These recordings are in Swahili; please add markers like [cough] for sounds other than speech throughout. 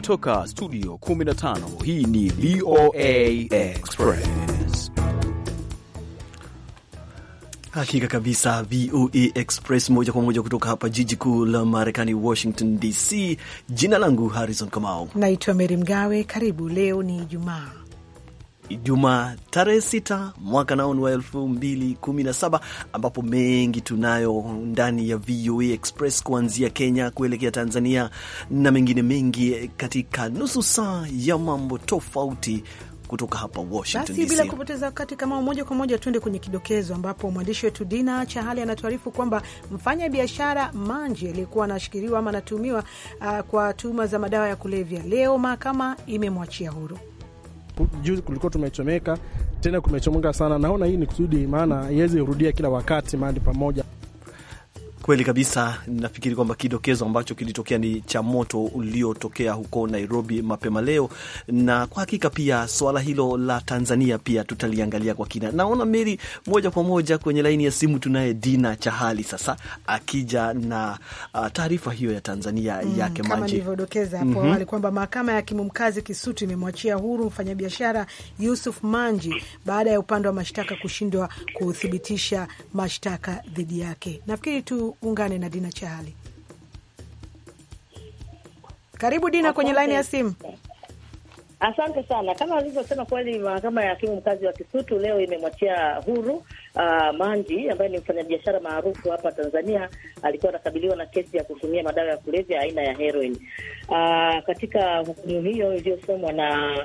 kutoka studio 15 hii ni VOA Express. Hakika kabisa, VOA Express moja kwa moja kutoka hapa jiji kuu la Marekani, Washington DC. Jina langu Harrison Kamau, naitwa Meri Mgawe. Karibu, leo ni Ijumaa Ijumaa tarehe sita mwaka ni wa elfu mbili kumi na saba ambapo mengi tunayo ndani ya VOA Express kuanzia Kenya kuelekea Tanzania na mengine mengi katika nusu saa ya mambo tofauti kutoka hapa Washington Basi bila kupoteza wakati, kama moja kwa moja tuende kwenye kidokezo, ambapo mwandishi wetu Dina Chahali anatuarifu kwamba mfanya biashara Manji aliyekuwa anashikiliwa ama anatumiwa uh, kwa tuhuma za madawa ya kulevya, leo mahakama imemwachia huru juzi kulikuwa tumechomeka, tena kumechomeka sana. Naona hii ni kusudi, maana iwezi rudia kila wakati mahali pamoja kweli kabisa. Nafikiri kwamba kidokezo ambacho kilitokea ni cha moto uliotokea huko Nairobi mapema leo, na kwa hakika pia swala hilo la Tanzania pia tutaliangalia kwa kina. Naona Meri, moja kwa moja kwenye laini ya simu tunaye Dina Chahali sasa akija na uh, taarifa hiyo ya Tanzania mm, yake kama nilivyodokeza hapo mm -hmm. kwamba mahakama ya hakimu mkazi Kisutu imemwachia huru mfanyabiashara Yusuf Manji baada ya upande wa mashtaka kushindwa kuthibitisha mashtaka dhidi yake. Nafikiri tu Ungane na Dina Chahali. Karibu Dina kwenye laini ya simu. Asante sana. Kama alivyosema kweli, mahakama ya hakimu mkazi wa Kisutu leo imemwachia huru uh, Manji ambaye ni mfanyabiashara maarufu hapa Tanzania. Alikuwa anakabiliwa na kesi ya kutumia madawa ya kulevya aina ya heroin. Uh, katika hukumu hiyo iliyosomwa na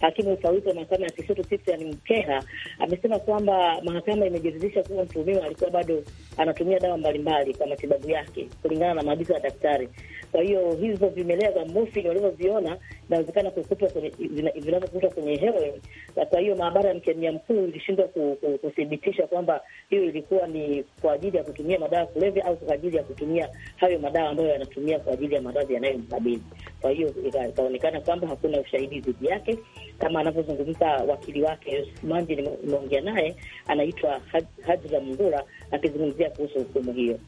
hakimu mfawidhi wa mahakama ya Kisutu Christian Mkeha amesema kwamba mahakama imejiridhisha kuwa mtuhumiwa alikuwa bado anatumia dawa mbalimbali kwa matibabu yake kulingana na maagizo ya daktari. Kwa hiyo hizo vimelea vya morphine walivyoviona inawezekana vinavyokutwa kwenye heroin. Kwa hiyo maabara ya mkemia mkuu ilishindwa kuthibitisha kwamba hiyo ilikuwa ni kwa ajili ya kutumia madawa kulevya au kwa ajili ya kutumia hayo madawa ambayo yanatumia kwa ajili ya maradhi yanayomkabili. Kwa hiyo ikaonekana kwamba hakuna ushahidi dhidi yake, kama anavyozungumza wakili wake Manji, nimeongea naye, anaitwa Hajra Mngura, akizungumzia kuhusu hukumu hiyo.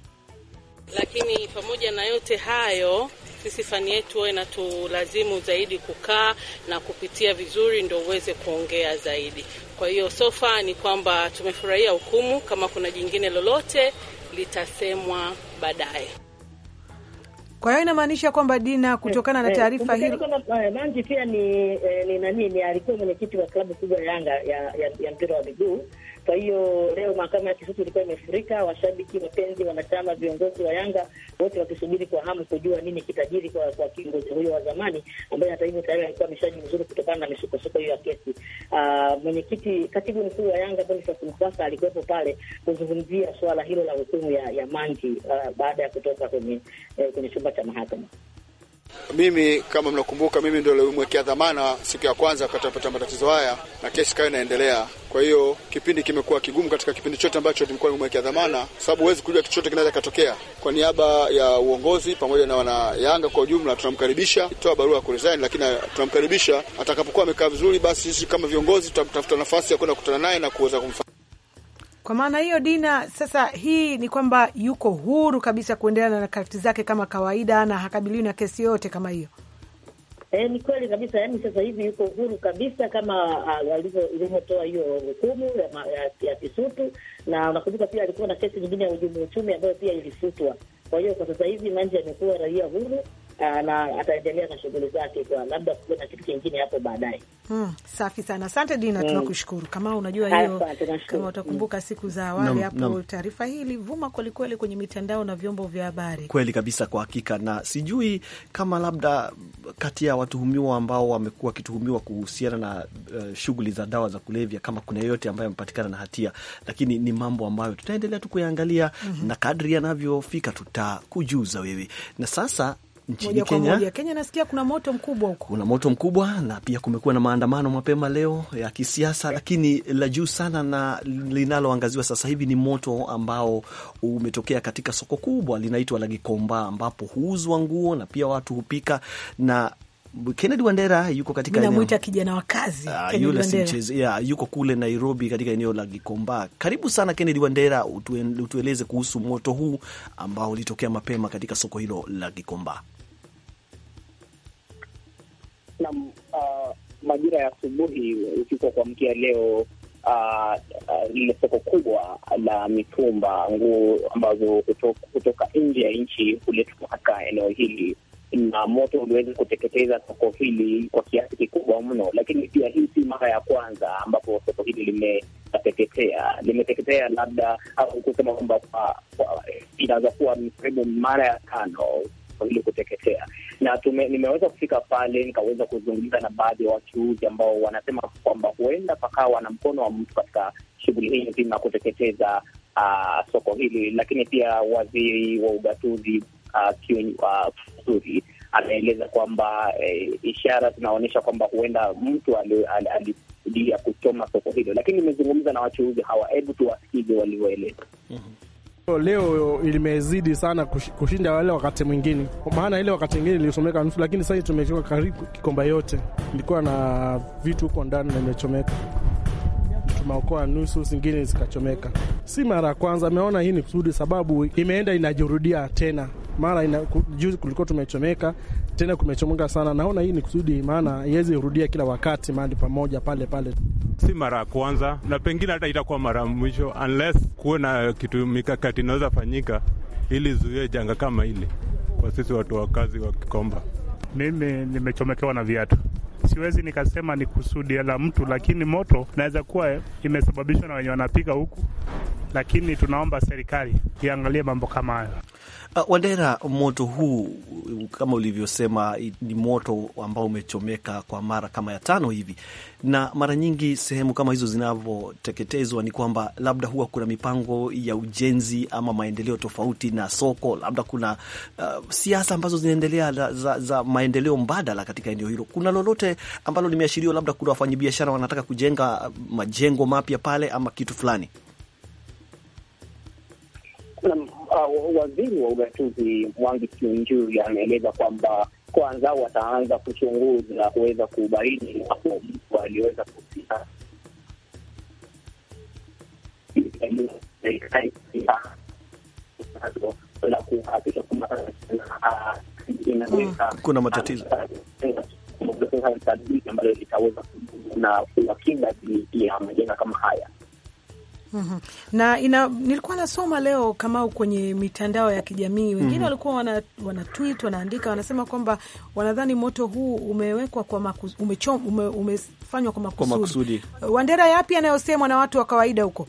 Lakini pamoja na yote hayo, sisi fani yetu huwa inatulazimu zaidi kukaa na kupitia vizuri, ndo uweze kuongea zaidi. Kwa hiyo sofa ni kwamba tumefurahia hukumu. Kama kuna jingine lolote litasemwa baadaye. Kwa hiyo inamaanisha kwamba Dina, kutokana na eh, eh, taarifa hii eh, Manji pia ni ni nani, ni alikuwa mwenyekiti wa klabu kubwa ya Yanga ya mpira wa miguu. Kwa hiyo leo mahakama ya Kisutu ilikuwa imefurika, washabiki, wapenzi, wanachama, viongozi wa Yanga wote wakisubiri kwa hamu kujua nini kitajiri kwa, kwa kiongozi huyo wa zamani ambaye hata hivyo tayari alikuwa ameshaji mzuri kutokana na misukosuko hiyo ya kesi. Uh, mwenyekiti katibu mkuu wa Yanga Boniface Mkwasa alikuwepo pale kuzungumzia suala hilo la hukumu ya, ya Manji uh, baada ya kutoka kwenye eh, kwenye chumba cha mahakama. Mimi kama mnakumbuka, mimi ndio nilimwekea dhamana siku ya kwanza wakati napata matatizo haya, na kesi kayo inaendelea. Kwa hiyo kipindi kimekuwa kigumu katika kipindi chote ambacho nilikuwa nimwekea dhamana, sababu huwezi kujua kichote kinaweza katokea. Kwa niaba ya uongozi pamoja na wanayanga kwa ujumla, tunamkaribisha toa barua ya kuresign, lakini tunamkaribisha atakapokuwa amekaa vizuri, basi sisi kama viongozi tutamtafuta nafasi ya kwenda kukutana naye na kuweza kumfanya kwa maana hiyo, Dina, sasa hii ni kwamba yuko huru kabisa kuendelea na harakati zake kama kawaida na hakabiliwi na kesi yoyote kama hiyo. E, ni kweli kabisa. Yani sasa hivi yuko huru kabisa kama ilivyotoa hiyo hukumu ya Kisutu, na unakumbuka pia alikuwa na kesi nyingine ya uhujumu uchumi ambayo pia ilifutwa. Kwa hiyo kwa sasa hivi Manji amekuwa raia huru na ataendelea na shughuli zake, kwa labda kuwe na kitu kingine hapo baadaye. Mm, safi sana, asante Dina, mm. Tunakushukuru kama unajua hiyo, kama utakumbuka hmm. siku za awali hapo, taarifa hii ilivuma kwelikweli kwenye mitandao na vyombo vya habari. Kweli kabisa, kwa hakika, na sijui kama labda kati ya watuhumiwa ambao wamekuwa wakituhumiwa kuhusiana na uh, shughuli za dawa za kulevya kama kuna yeyote ambaye amepatikana na hatia, lakini ni mambo ambayo tutaendelea tu kuyaangalia mm -hmm. na kadri yanavyofika tutakujuza wewe. Na sasa nchini Kenya. Kenya nasikia kuna moto mkubwa huko, kuna moto mkubwa na pia kumekuwa na maandamano mapema leo ya kisiasa, lakini la juu sana na linaloangaziwa sasa hivi ni moto ambao umetokea katika soko kubwa linaitwa la Gikomba, ambapo huuzwa nguo na pia watu hupika na Kennedy Wandera yuko katika kijana wa kazi uh, yule yeah, yuko kule Nairobi katika eneo la Gikomba. Karibu sana Kennedy Wandera, utueleze kuhusu moto huu ambao ulitokea mapema katika soko hilo la Gikomba na uh, majira ya asubuhi usiku wa kuamkia leo uh, lile uh, uh, soko kubwa la mitumba, nguo ambazo kutoka, kutoka nje ya nchi huletwa mpaka eneo hili, na moto uliweza kuteketeza soko hili kwa kiasi kikubwa mno. Lakini pia hii si mara ya kwanza ambapo soko hili limeteketea limeteketea, labda au kusema kwamba inaweza kuwa ni karibu mara ya tano soko hili kuteketea na tume, nimeweza kufika pale nikaweza kuzungumza na baadhi ya wachuuzi ambao wanasema kwamba huenda pakawa na mkono wa mtu katika shughuli hii nzima kuteketeza uh, soko hili, lakini pia waziri wa ugatuzi ah, ah, Kithure uh, anaeleza kwamba eh, ishara zinaonyesha kwamba huenda mtu alikusudia kuchoma soko hilo, lakini nimezungumza na wachuuzi hawa. Hebu tuwasikize walioeleza. mm -hmm. Leo ilimezidi sana kushinda wale wakati mwingine, maana ile wakati mwingine ilisomeka nusu, lakini sasa tumechoka karibu kikomba yote. Ilikuwa na vitu huko ndani na imechomeka, tumeokoa nusu, zingine zikachomeka. Si mara ya kwanza, ameona hii ni kusudi, sababu imeenda inajirudia tena mara ina, juzi kulikuwa tumechomeka tena kumechomeka sana. Naona hii ni kusudi, maana iweze rudia kila wakati mahali pamoja pale pale, si mara ya kwanza, na pengine hata itakuwa mara ya mwisho, unless kuwe na kitu mikakati inaweza fanyika ili zuie janga kama ile kwa sisi watu wakazi wa Kikomba. Mimi nimechomekewa na viatu Siwezi nikasema ni kusudi la mtu, lakini moto naweza kuwa imesababishwa na wenye wanapika huku lakini tunaomba serikali iangalie mambo kama hayo. Uh, Wandera, moto huu kama ulivyosema ni moto ambao umechomeka kwa mara kama ya tano hivi, na mara nyingi sehemu kama hizo zinavyoteketezwa ni kwamba labda huwa kuna mipango ya ujenzi ama maendeleo tofauti na soko, labda kuna uh, siasa ambazo zinaendelea za, za maendeleo mbadala katika eneo hilo. Kuna lolote ambalo limeashiriwa, labda kuna wafanyabiashara wanataka kujenga ah, majengo mapya pale ama kitu fulani? Uh, waziri wa ugatuzi Mwangi Kiunjuri ameeleza kwamba kwanza wataanza kuchunguza na kuweza kubaini waliweza kuia la kuna matatizo ambayo itaweza na kuwakinga dhidi ya majenga kama haya. Mm-hmm. na ina, nilikuwa nasoma leo Kamau kwenye mitandao ya kijamii wengine mm -hmm. walikuwa wana, wana tweet wanaandika wanasema kwamba wanadhani moto huu umewekwa kwa umechom, ume, umefanywa kwa makusudi, kwa makusudi. Wandera, yapi anayosemwa na watu wa kawaida huko?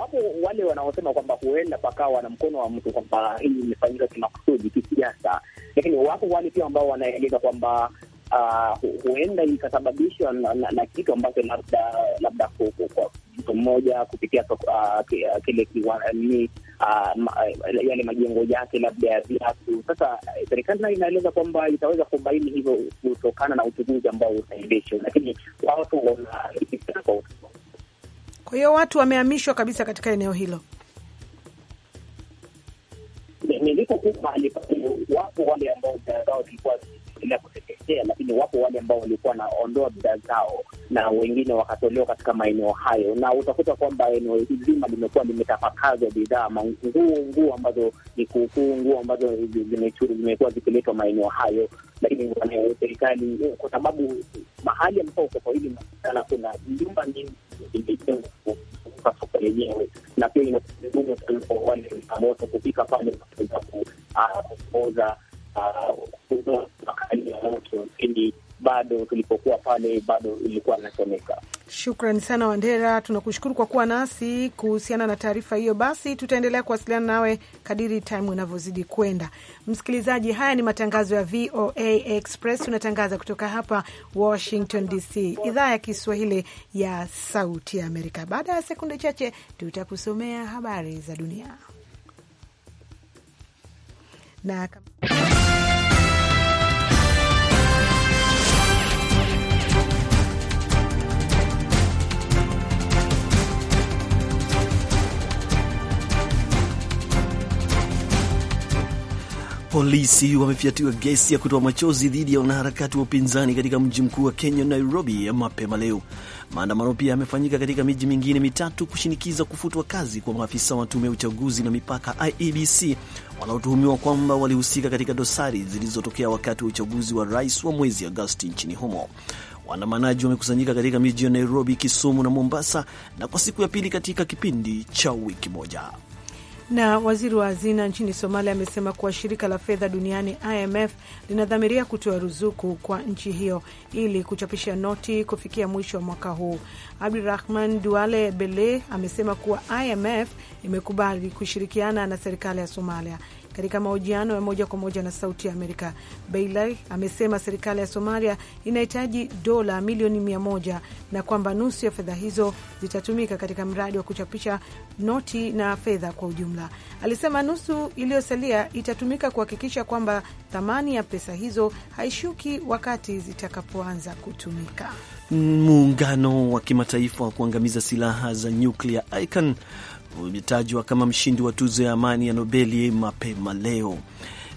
Wapo wale wanaosema kwamba huenda pakawa na mkono wa mtu kwamba hili imefanyika kimakusudi kisiasa, lakini wapo wale pia ambao wanaeleza kwamba uh, huenda ikasababishwa na, na, na kitu ambacho labda labda kwa mtu mmoja kupitia uh, uh, kile uh, yale majengo yake labda ya viatu. Sasa eh, serikali nayo inaeleza kwamba itaweza kubaini hivyo kutokana na uchunguzi ambao utaendeshwa, lakini watu wanaia kwa hiyo watu wamehamishwa kabisa katika eneo hilo nilipokuwa mahali wapo wale ambao vilikuwa kuendelea kuteketea, lakini wapo wale ambao walikuwa wanaondoa bidhaa zao na wengine wakatolewa katika maeneo hayo, na utakuta kwamba eneo zima limekuwa limetapakazwa bidhaa, nguo, nguo ambazo ni kuukuu, nguo ambazo zimekuwa zikiletwa maeneo hayo, lakini serikali, kwa sababu mahali ambapo soko hili inapatikana kuna nyumba nyingi zimejengwa kuzunguka soko lenyewe, na pia ina kwa wale moto kufika pale kuweza makali ya moto, lakini bado tulipokuwa pale bado ilikuwa inachomeka. Shukran sana Wandera, tunakushukuru kwa kuwa nasi kuhusiana na taarifa hiyo. Basi tutaendelea kuwasiliana nawe kadiri timu inavyozidi kwenda. Msikilizaji, haya ni matangazo ya VOA Express, tunatangaza kutoka hapa Washington DC, idhaa ya Kiswahili ya Sauti ya Amerika. Baada ya sekunde chache, tutakusomea habari za dunia na Polisi wamefiatiwa gesi ya kutoa machozi dhidi ya wanaharakati wa upinzani katika mji mkuu wa Kenya, Nairobi, mapema leo. Maandamano pia yamefanyika katika miji mingine mitatu kushinikiza kufutwa kazi kwa maafisa wa tume ya uchaguzi na mipaka IEBC wanaotuhumiwa kwamba walihusika katika dosari zilizotokea wakati wa uchaguzi wa rais wa mwezi Agosti nchini humo. Waandamanaji wamekusanyika katika miji ya Nairobi, Kisumu na Mombasa, na kwa siku ya pili katika kipindi cha wiki moja. Na waziri wa hazina nchini Somalia amesema kuwa shirika la fedha duniani IMF linadhamiria kutoa ruzuku kwa nchi hiyo ili kuchapisha noti kufikia mwisho wa mwaka huu. Abdurahman Duale Bele amesema kuwa IMF imekubali kushirikiana na serikali ya Somalia katika mahojiano ya moja kwa moja na Sauti ya Amerika, Beilai amesema serikali ya Somalia inahitaji dola milioni mia moja na kwamba nusu ya fedha hizo zitatumika katika mradi wa kuchapisha noti na fedha kwa ujumla. Alisema nusu iliyosalia itatumika kuhakikisha kwamba thamani ya pesa hizo haishuki wakati zitakapoanza kutumika. Muungano wa kimataifa wa kuangamiza silaha za nyuklia ICAN umetajwa kama mshindi wa tuzo ya amani ya Nobeli mapema leo.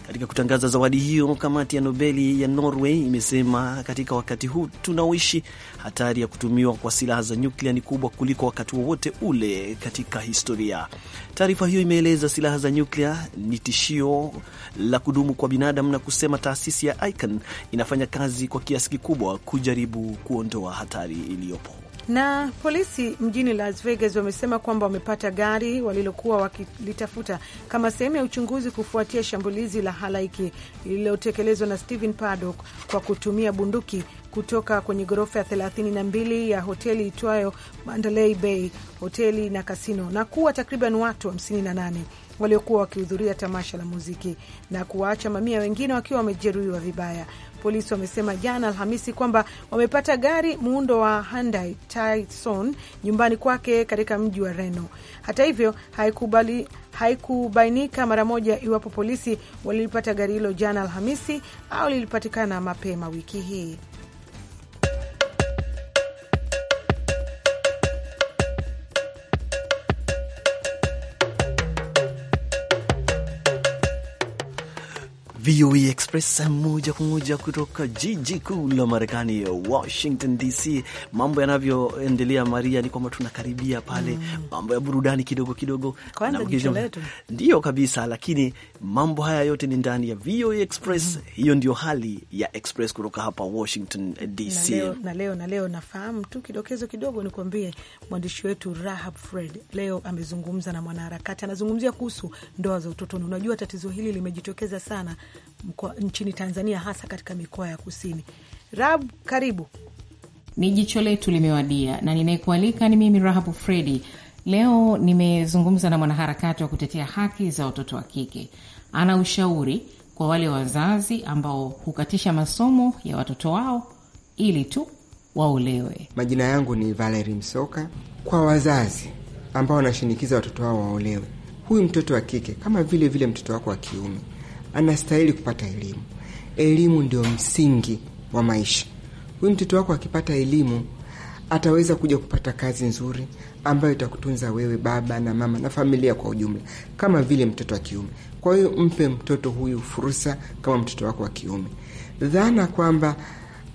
Katika kutangaza zawadi hiyo, kamati ya Nobeli ya Norway imesema katika wakati huu tunaoishi, hatari ya kutumiwa kwa silaha za nyuklia ni kubwa kuliko wakati wowote ule katika historia. Taarifa hiyo imeeleza silaha za nyuklia ni tishio la kudumu kwa binadamu na kusema taasisi ya ICAN inafanya kazi kwa kiasi kikubwa kujaribu kuondoa hatari iliyopo. Na polisi mjini Las Vegas wamesema kwamba wamepata gari walilokuwa wakilitafuta kama sehemu ya uchunguzi kufuatia shambulizi la halaiki lililotekelezwa na Stephen Paddock kwa kutumia bunduki kutoka kwenye ghorofa ya 32 ya hoteli itwayo Mandalay Bay hoteli na kasino na kuwa takriban watu 58 waliokuwa wakihudhuria tamasha la muziki na kuwaacha mamia wengine wakiwa wamejeruhiwa vibaya polisi wamesema jana Alhamisi kwamba wamepata gari muundo wa Hyundai Tucson nyumbani kwake katika mji wa Reno. Hata hivyo haikubali haikubainika mara moja iwapo polisi walilipata gari hilo jana Alhamisi au lilipatikana mapema wiki hii. VOA Express moja kwa moja kutoka jiji kuu la Marekani, Washington DC. Mambo yanavyoendelea, Maria, ni kwamba tunakaribia pale mm. mambo ya burudani kidogo kidogo, ndiyo kabisa, lakini mambo haya yote ni ndani ya VOA Express mm -hmm. Hiyo ndio hali ya Express kutoka hapa Washington DC. Na leo, na leo, na leo nafahamu tu kidokezo kidogo nikuambie, mwandishi wetu Rahab Fred leo amezungumza na mwanaharakati, anazungumzia kuhusu ndoa za utotoni. Unajua tatizo hili limejitokeza sana mkwa, nchini Tanzania, hasa katika mikoa ya kusini. Rab, karibu. Ni jicho letu limewadia, na ninayekualika ni mimi Rahabu Fredi. Leo nimezungumza na mwanaharakati wa kutetea haki za watoto wa kike. Ana ushauri kwa wale wazazi ambao hukatisha masomo ya watoto wao ili tu waolewe. Majina yangu ni Valeri Msoka. Kwa wazazi ambao wanashinikiza watoto wao waolewe, huyu mtoto wa kike kama vile vile mtoto wako wa kiume anastahili kupata elimu. Elimu ndio msingi wa maisha. Huyu mtoto wako akipata elimu ataweza kuja kupata kazi nzuri ambayo itakutunza wewe baba na mama na familia kwa ujumla, kama vile mtoto wa kiume. Kwa hiyo mpe mtoto huyu fursa kama mtoto wako wa kiume. Dhana kwamba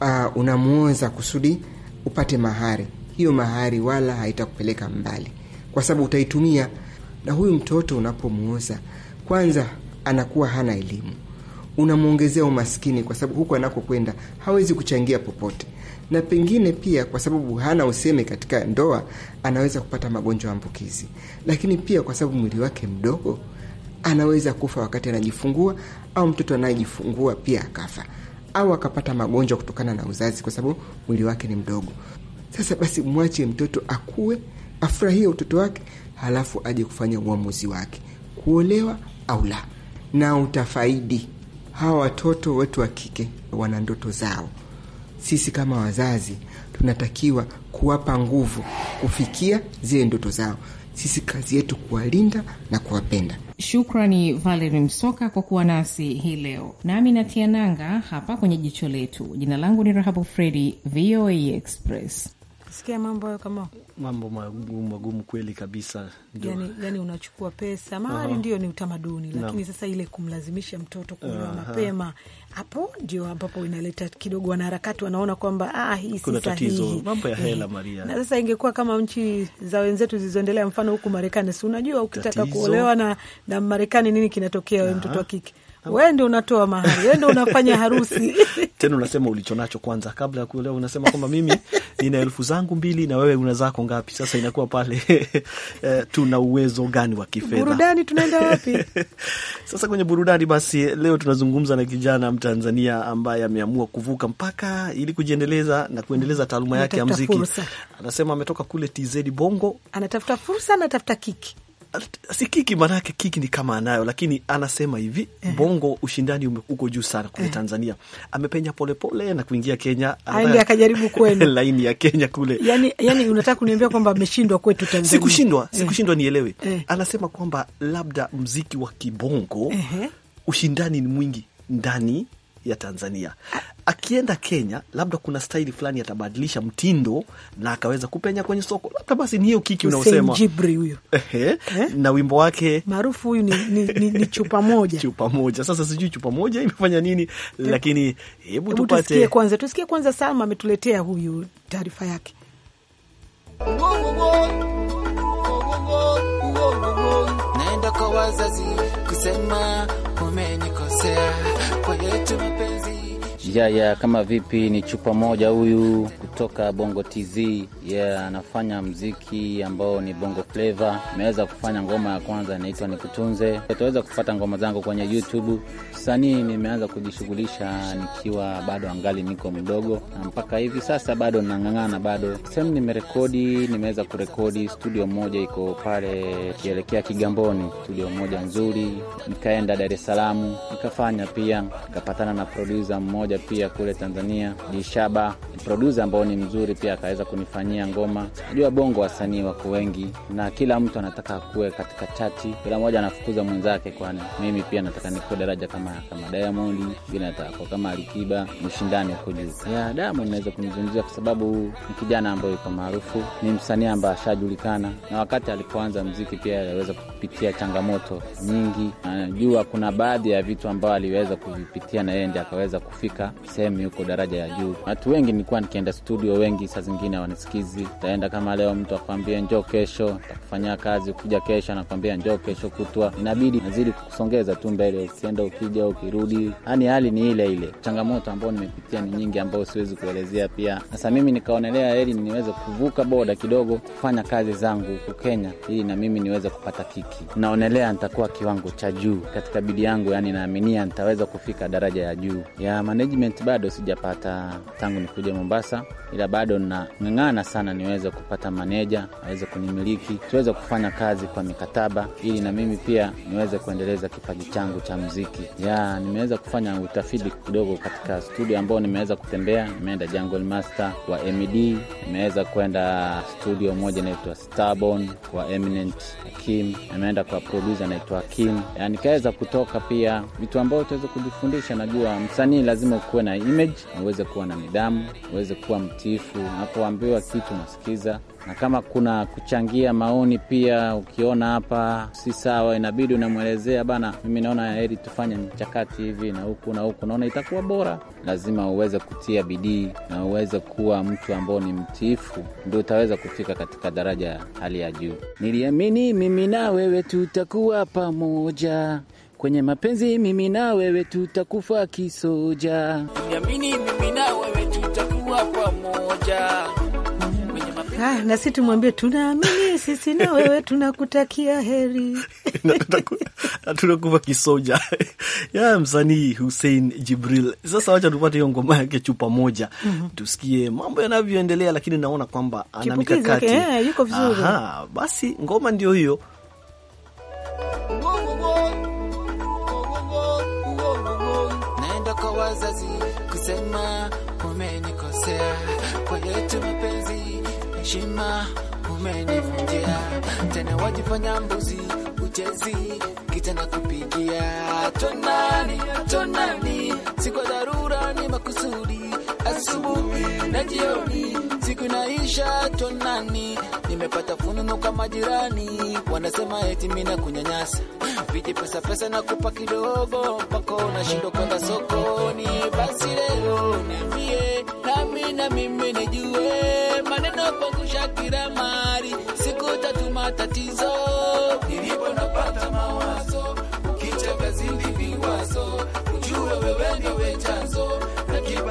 uh, unamwoza kusudi upate mahari, hiyo mahari wala haitakupeleka mbali, kwa sababu utaitumia. Na huyu mtoto unapomwoza, kwanza anakuwa hana elimu, unamwongezea umaskini, kwa sababu huko anakokwenda hawezi kuchangia popote, na pengine pia kwa sababu hana useme katika ndoa, anaweza kupata magonjwa ambukizi, lakini pia kwa sababu mwili wake mdogo anaweza kufa wakati anajifungua, au mtoto anayejifungua pia akafa, au akapata magonjwa kutokana na uzazi, kwa sababu mwili wake ni mdogo. Sasa basi, mwache mtoto akue, afurahie utoto wake, halafu aje kufanya uamuzi wake kuolewa au la na utafaidi. Hawa watoto wetu wa kike wana ndoto zao. Sisi kama wazazi tunatakiwa kuwapa nguvu kufikia zile ndoto zao. Sisi kazi yetu kuwalinda na kuwapenda. Shukrani Valeri Msoka kwa kuwa nasi hii leo, nami natia nanga hapa kwenye jicho letu. Jina langu ni Rahabu Fredi, VOA Express. Sikia mambo hayo, kama mambo magumu magumu kweli kabisa. Yani, yani unachukua pesa -huh. ndio ni utamaduni, lakini sasa ile kumlazimisha mtoto kuolewa mapema, hapo ndio ambapo inaleta kidogo, wanaharakati wanaona kwamba ah, hii si sahihi, mambo ya hela Maria. Na sasa ingekuwa kama nchi za wenzetu zilizoendelea, mfano huku Marekani, si unajua ukitaka kuolewa na na Marekani nini kinatokea, wewe mtoto wa kike wewe ndio unatoa mahari, wewe ndio unafanya harusi [laughs] tena unasema ulicho nacho kwanza kabla ya kuolewa. Unasema kwamba mimi nina elfu zangu mbili na wewe una zako ngapi? Sasa inakuwa pale [laughs] eh, tuna uwezo gani wa kifedha? Burudani tunaenda wapi? [laughs] Sasa kwenye burudani, basi leo tunazungumza na kijana Mtanzania ambaye ameamua kuvuka mpaka ili kujiendeleza na kuendeleza taaluma yake ya mziki. Anasema ametoka kule TZ Bongo, anatafuta fursa, anatafuta kiki si Kiki maanake Kiki ni kama anayo, lakini anasema hivi eh, Bongo ushindani uko juu sana kule eh, Tanzania amepenya polepole pole, na kuingia Kenya akajaribu kwenu [laughs] laini ya Kenya kule yani, yani unataka kuniambia kwamba ameshindwa kwetu [laughs] Tanzania? Sikushindwa, eh. sikushindwa eh, nielewe eh, anasema kwamba labda mziki wa kibongo eh, ushindani ni mwingi ndani ya Tanzania. Akienda Kenya, labda kuna staili fulani atabadilisha mtindo na akaweza kupenya kwenye soko, labda basi ni hiyo kiki unaosema Jibri huyo eh? na wimbo wake maarufu huyu ni, ni, ni, ni chupa moja [laughs] chupa moja. Sasa sijui chupa moja imefanya nini, eh, lakini hebu tupate, tusikie kwanza, tusikie kwanza. Salma ametuletea huyu taarifa yake naenda kwa wazazi kusema umenikosea kwetu mapenzi Yaya ya kama vipi? Ni chupa moja huyu kutoka Bongo TZ yeah, anafanya mziki ambao ni bongo flava. imeweza kufanya ngoma ya kwanza inaitwa Nikutunze. Utaweza kupata ngoma zangu kwenye YouTube. Sanii nimeanza kujishughulisha nikiwa bado angali niko mdogo, na mpaka hivi sasa bado nang'ang'ana. Bado sehemu nimerekodi, nimeweza kurekodi studio moja iko pale kielekea Kigamboni, studio moja nzuri. Nikaenda dares salamu nikafanya pia, nikapatana na produsa mmoja mmoja pia kule Tanzania, Jishaba producer ambao ni mzuri pia, akaweza kunifanyia ngoma. Najua bongo wasanii wako wengi, na kila mtu anataka kuwe katika chati, kila mmoja anafukuza mwenzake, kwani mimi pia nataka nikuwe daraja kama kama Diamond bila nataka kuwa kama Alikiba, mshindani huko juu. Ya Diamond naweza kumzungumzia kwa sababu ni kijana ambaye yuko maarufu, ni msanii ambaye ashajulikana, na wakati alipoanza mziki pia aliweza kupitia changamoto nyingi. Najua kuna baadhi ya vitu ambavyo aliweza kuvipitia na yeye ndiye akaweza kufika mpaka sehemu yuko daraja ya juu. Watu wengi nilikuwa nikienda studio, wengi saa zingine wanisikizi, taenda kama leo mtu akwambie njoo kesho, takufanyia kazi, ukija kesho anakwambia njoo kesho kutwa, inabidi nazidi kusongeza tu mbele, ukienda ukija, ukirudi, yani hali ni ile ile. Changamoto ambao nimepitia ni nyingi, ambao siwezi kuelezea. Pia sasa mimi nikaonelea heri niweze kuvuka boda kidogo, kufanya kazi zangu huku Kenya, ili na mimi niweze kupata kiki. Naonelea nitakuwa kiwango cha juu katika bidii yangu, yani naaminia nitaweza kufika daraja ya juu ya maneja management bado sijapata tangu nikuja Mombasa, ila bado nang'ang'ana sana niweze kupata maneja aweze kunimiliki, tuweze kufanya kazi kwa mikataba, ili na mimi pia niweze kuendeleza kipaji changu cha muziki. Ya, nimeweza kufanya utafiti kidogo katika studio ambao nimeweza kutembea. Nimeenda Jungle Master wa MD, e nimeweza kwenda studio moja inaitwa Starborn kwa Eminent Kim, nimeenda kwa producer anaitwa Kim, nikaweza kutoka pia vitu ambavyo tuweze kujifundisha. Najua msanii lazima ukuwe na image uweze kuwa na nidhamu, uweze kuwa mtiifu unapoambiwa kitu unasikiza, na kama kuna kuchangia maoni pia, ukiona hapa si sawa, inabidi unamwelezea bana, mimi naona heri tufanye mchakati hivi na huku na huku, naona itakuwa bora. Lazima uweze kutia bidii na uweze kuwa mtu ambao ni mtiifu, ndio utaweza kufika katika daraja hali ya juu. Niliamini mimi na wewe tutakuwa pamoja Kwenye mapenzi mimi na wewe tutakufa kisoja. Niamini mimi na wewe tutakuwa pamoja. Ah, na si tumwambie tunaamini sisi na wewe tunakutakia heri [laughs] na tunakuva kisoja [laughs] ya msanii Hussein Jibril. Sasa wacha tupate hiyo ngoma yake chupa moja, mm -hmm. tusikie mambo yanavyoendelea, lakini naona kwamba ana mikakati, eh, yuko vizuri. Aha, basi ngoma ndio hiyo. wazazi kusema umenikosea, kwa yetu mapenzi heshima umenivunjia, tena wajifanya mbuzi uchezi kitana kupigia tonani tonani, si kwa dharura, ni makusudi asubuhi na jioni, siku inaisha tonani. Nimepata fununu kwa majirani, wanasema eti mimi na kunyanyasa viji pesa pesa na kupa kidogo mpaka unashindwa kwenda sokoni. Basi leo niambie nami na mimi nijue maneno pangusha kila mari siku tatu matatizo nilipo napata mawazo ukicheka zindi viwazo ujue wewe ndiwe chanzo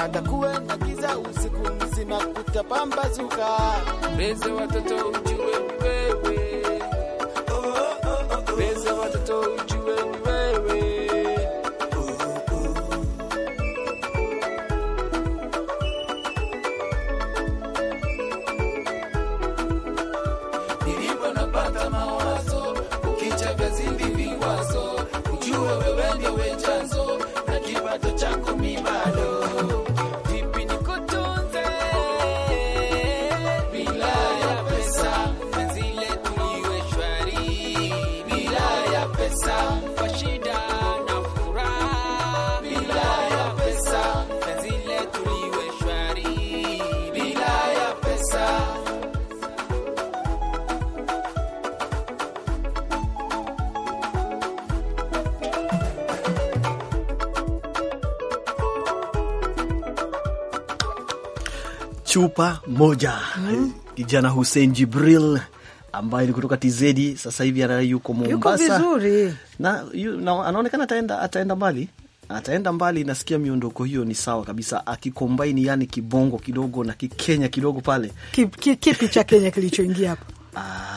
natakuwa na giza usiku mzima kutapambazuka, mbeze watoto ujue wewe, mbeze oh, oh, oh, watoto chupa moja mm. Kijana Hussein Jibril ambaye ni kutoka Tizedi, sasa hivi yuko Mombasa, vizuri na, yu, na anaonekana ataenda, ataenda mbali ataenda mbali. Nasikia miondoko hiyo ni sawa kabisa, akikombaini yani kibongo kidogo na kikenya kidogo pale. Kipi cha Kenya kilichoingia hapo? Ah,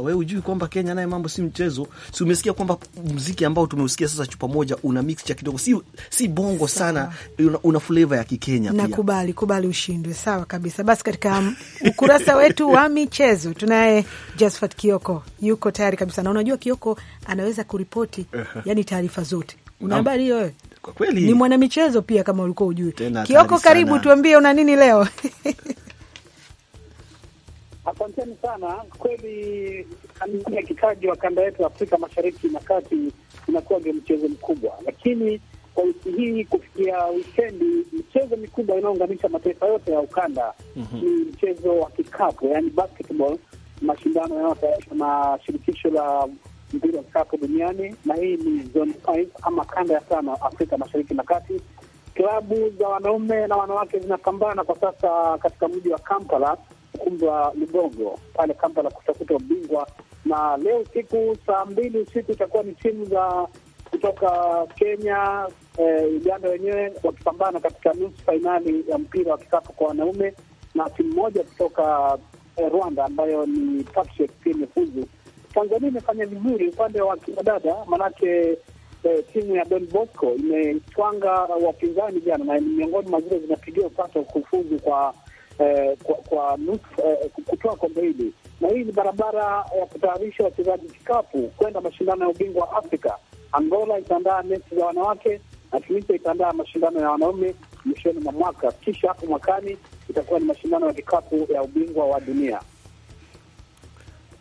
we ujui kwamba Kenya naye mambo si mchezo? Si umesikia kwamba mziki ambao tumeusikia sasa chupa moja una mix cha kidogo, si, si bongo sana, una, una fleva ya Kikenya Nakubali, kubali ushindwe, sawa kabisa. Basi katika um, ukurasa wetu wa michezo tunaye Jasfat Kioko, yuko tayari kabisa, na unajua Kioko anaweza kuripoti yani taarifa zote. Una habari hiyo Kwa kweli ni mwanamichezo pia, kama ulikuwa ujui. Kioko, karibu tuambie, una nini leo? [laughs] Asanteni sana. Kweli ya kikaji wa kanda yetu Afrika Mashariki na Kati inakuwa ndio mchezo mkubwa, lakini kwa wiki hii kufikia wikendi, michezo mikubwa inayounganisha mataifa yote ya ukanda mm -hmm. ni mchezo wa kikapu, yani basketball, mashindano yanayotayarishwa na shirikisho la mpira wa kikapu duniani, na hii ni zone five ama kanda ya tano Afrika Mashariki na Kati. Klabu za wanaume na wanawake zinapambana kwa sasa katika mji wa Kampala kumbwa Lugogo pale Kampala kutafuta ubingwa, na leo siku saa mbili usiku itakuwa ni timu za kutoka Kenya, eh, Uganda wenyewe wakipambana katika nusu fainali ya mpira wa kikapu kwa wanaume na timu moja kutoka eh, Rwanda ambayo ni Patriot imefuzu. Tanzania imefanya vizuri upande wa kinadada, manake eh, timu ya Don Bosco imetwanga wapinzani jana, na miongoni mwa zile zinapigia upato kufuzu kwa eh, kwa, kwa nusu eh, kutoa kombe hili, na hii ni barabara ya eh, kutayarisha wachezaji kikapu kwenda mashindano ya ubingwa wa Afrika. Angola itaandaa mechi za wanawake na Tunisia itaandaa mashindano ya wanaume mwishoni mwa mwaka, kisha hapo mwakani itakuwa ni mashindano ya kikapu ya ubingwa wa dunia.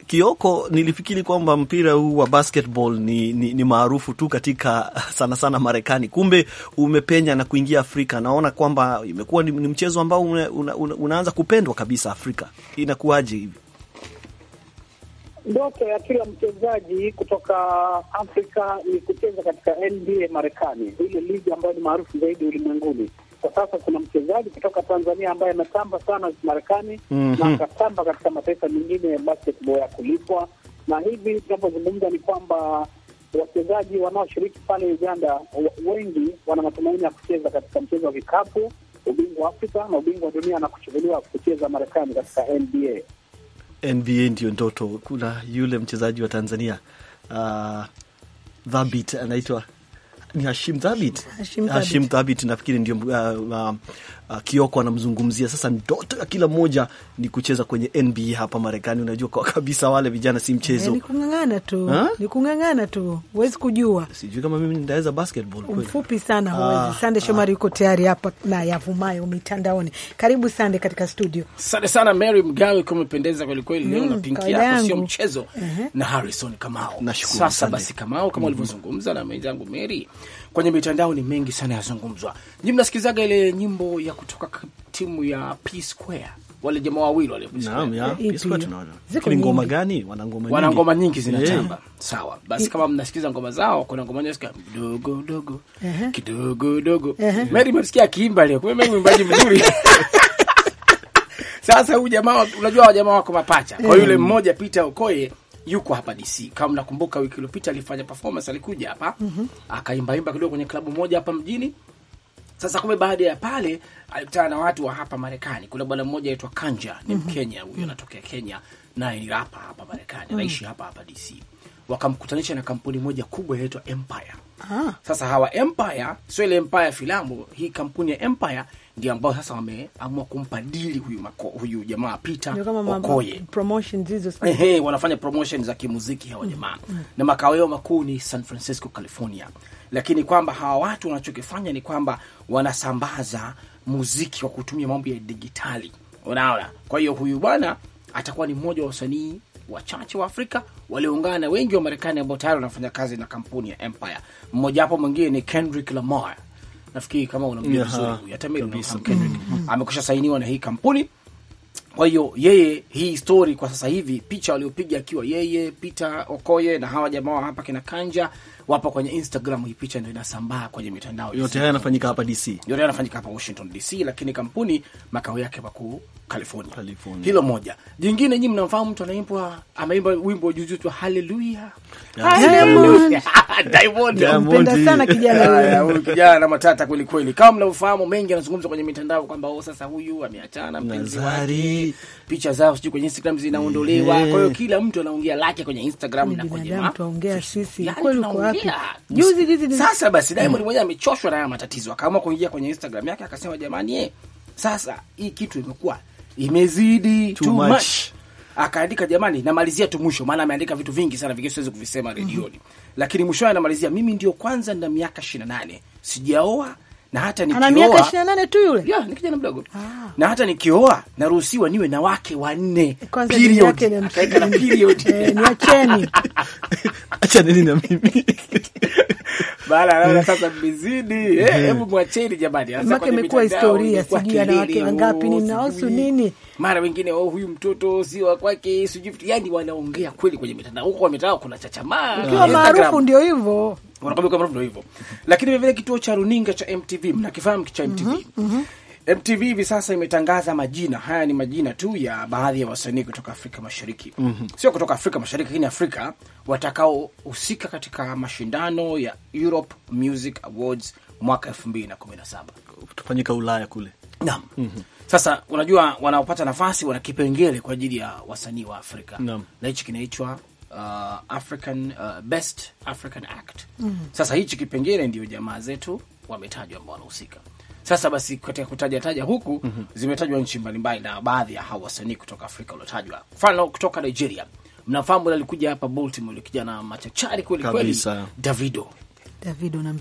Kioko, nilifikiri kwamba mpira huu wa basketball ni, ni, ni maarufu tu katika sana sana Marekani, kumbe umepenya na kuingia Afrika. Naona kwamba imekuwa ni, ni mchezo ambao una, una, una, unaanza kupendwa kabisa Afrika. Inakuwaje hivyo? Ndoto ya kila mchezaji kutoka Afrika ni kucheza katika NBA Marekani, ile ligi ambayo ni maarufu zaidi ulimwenguni. Kwa sasa kuna mchezaji kutoka Tanzania ambaye ametamba sana Marekani mm -hmm. na mhm. akatamba katika mataifa mengine ya basketball ya kulipwa, na hivi tunapozungumza ni kwamba wachezaji wanaoshiriki pale Uganda wengi wana matumaini ya kucheza katika mchezo wa vikapu, ubingwa wa Afrika na ubingwa wa dunia na kuchukuliwa kucheza Marekani katika NBA. NBA ndiyo ndoto. Kuna yule mchezaji wa Tanzania uh, Thabit anaitwa ni Hashim Thabit, Hashim Thabit nafikiri ndio uh, uh, uh, Kioko anamzungumzia. Sasa ndoto tota ya kila mmoja ni kucheza kwenye NBA hapa Marekani. Unajua kwa kabisa wale vijana si mchezo, eh, ni kung'ang'ana tu, ni kung'ang'ana tu, huwezi kujua. Sijui kama mimi nitaweza basketball, mfupi sana ah, huwezi. Sande ah. Shomari yuko tayari hapa na yavumayo mitandaoni. Karibu Sande katika studio. Sande sana Mary Mgawe, kumependeza kweli kweli leo mm, na pinki yako sio mchezo, na Harrison Kamau. Sasa basi Kamau, kama mm-hmm. ulivyozungumza na mwenzangu Mary kwenye mitandao ni mengi sana yazungumzwa. Ni mnasikizaga ile nyimbo ya kutoka timu ya P Square, wale jamaa wawili wale ngoma gani? Wana ngoma nyingi, wana ngoma nyingi zinatamba. Eh. Yeah. Sawa basi, kama mnasikiza ngoma zao, kuna ngoma nyingine dogo dogo kidogo dogo. Mary mmesikia akiimba leo, kwa mimi mwimbaji mzuri [laughs] Sasa huyu jamaa, unajua wajamaa wako mapacha, kwa yule eh. mmoja Peter Okoye yuko hapa DC. Kama mnakumbuka, wiki iliyopita alifanya performance, alikuja hapa mm -hmm. akaimbaimba kidogo kwenye klabu moja hapa mjini. Sasa kumbe baada ya pale alikutana na watu wa hapa Marekani. Kuna bwana mmoja aitwa Kanja, ni mhm. Mkenya huyo, mhm. anatokea Kenya, naye ni rapa hapa Marekani, mhm. anaishi hapa hapa DC. Wakamkutanisha na kampuni moja kubwa inaitwa Empire. Ah. Sasa hawa Empire, sio ile Empire filamu, hii kampuni ya Empire ndio ambao sasa wameamua kumpa dili huyu, mako, huyu jamaa Peter Okoye Ehe, wanafanya promotion za kimuziki hawa jamaa mm. na makao yao makuu ni San Francisco, California, lakini kwamba hawa watu wanachokifanya ni kwamba wanasambaza muziki wa kutumia mambo ya digitali, unaona. Kwa hiyo huyu bwana atakuwa ni mmoja wa wasanii wachache wa Afrika walioungana na wengi wa Marekani ambao tayari wanafanya kazi na kampuni ya Empire. Mmojawapo mwingine ni Kendrick Lamar nafikiri kama unamjua vizuri hata mimi namfahamu Kendrick mm. amekwisha sainiwa na hii kampuni kwa hiyo yeye, hii story kwa sasa hivi, picha waliopiga akiwa yeye Peter Okoye na hawa jamaa hapa kina Kanja wapo kwenye Instagram. Hii picha ndio inasambaa kwenye mitandao yote. Haya yanafanyika hapa DC, yote yanafanyika hapa Washington DC, lakini kampuni makao yake makuu California. California. Hilo moja. Jingine nyinyi mnamfahamu mtu anaimba ameimba wimbo juzi tu Hallelujah. Hallelujah. [laughs] Diamond. Mpenda sana kijana huyu. Kijana na matata kweli kweli. Kama mnamfahamu mengi anazungumza kwenye mitandao kwamba oh, sasa huyu ameachana mpenzi wake. Picha zao sijui kwenye Instagram zinaondolewa. Kwa hiyo kila mtu anaongea lake kwenye Instagram na kwenye mtu anaongea sisi. Kweli kwa wapi? Juzi juzi sasa basi Diamond mwenyewe mm. amechoshwa na haya matatizo, akaamua kuingia kwenye Instagram yake akasema, jamani eh, sasa hii kitu imekuwa imezidi too much, much. Akaandika jamani, namalizia tu mwisho, maana ameandika vitu vingi sana vingi siwezi kuvisema mm-hmm. redioni mm -hmm. Lakini mwishowe anamalizia, mimi ndio kwanza na miaka nane sijaoa na hata nikioa tu yule, ni kijana mdogo ah. Na hata nikioa naruhusiwa niwe na wake wanne, eh, period. na eh, niacheni, [laughs] na mimi [laughs] bala naona sasa mmezidi. Hebu mwacheni jamani, sasa imekuwa historia, sijui ana wangapi, oh, ni naosu nini, mara wengine wao, oh, huyu mtoto si wa kwake, sijui yani, wanaongea kweli kwenye mitandao huko, wametaka kuna chachamaa, ukiwa maarufu ndio hivyo, wanakwambia kwa maarufu ndio hivyo. Lakini vile kituo cha runinga cha MTV mnakifahamu cha MTV mhm, mhm. MTV hivi sasa imetangaza majina haya, ni majina tu ya baadhi ya wasanii kutoka Afrika Mashariki mm -hmm. sio kutoka Afrika Mashariki lakini Afrika watakaohusika katika mashindano ya Europe Music Awards mwaka 2017 utafanyika Ulaya kule. Naam. mm -hmm. Sasa unajua, wanaopata nafasi wana kipengele kwa ajili ya wasanii wa Afrika Naam. na hichi kinaitwa uh, African uh, Best African Act mm -hmm. Sasa hichi kipengele ndio jamaa zetu wametajwa ambao wanahusika sasa basi, katika kutaja taja huku mm -hmm. zimetajwa nchi mbalimbali na baadhi ya hawa wasanii kutoka Afrika waliotajwa, mfano kutoka Nigeria, mnafahamu alikuja hapa Baltimore, alikuja na machachari kweli kweli, Davido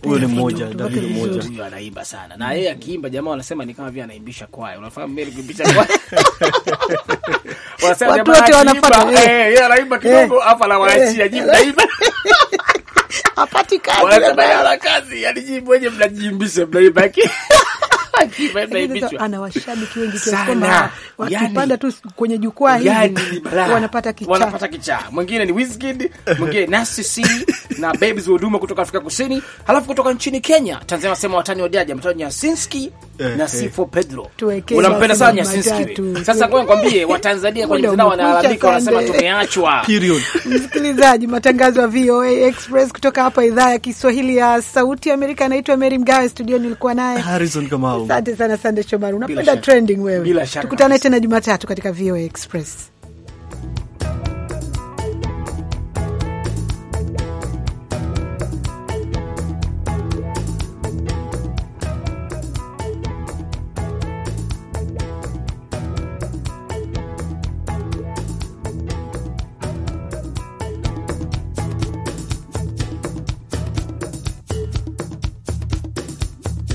huyo anaimba sana na yeye akiimba, jamaa wanasema ni kama vile anaimbisha kwaya. Unafahamu mimi kuimbisha [laughs] kwaya, wanasema jamaa wanafuata eh, yeye, anaimba kidogo eh. hapa la wanaachia jibu daima hapati kazi, wanasema yana kazi, yani jibu wenyewe mnajimbisha mnaimba [laughs] ana washabiki wengi kiasi kwamba wakipanda tu kwenye jukwaa yani, hivi wanapata kichaa, wanapata kichaa. Mwingine ni Wizkid, mwingine Nasty C na Babes Woduma kutoka Afrika Kusini, halafu kutoka nchini Kenya, Tanzania, sema watani wadiaji mtaji Nyasinski Eh, na Sifo eh. Pedro unampenda sana Nyasinski. Sasa ngoja nikwambie, Watanzania kwenye mtandao wanalalamika, wanasema tumeachwa. Period. Msikilizaji, matangazo ya VOA Express kutoka hapa idhaa ya Kiswahili ya Sauti ya Amerika. Naitwa Mary Mgawe, studio nilikuwa naye Harrison Kamau. Asante sana Sande Shomari, unapenda trending wewe. Tukutane tena Jumatatu katika VOA Express.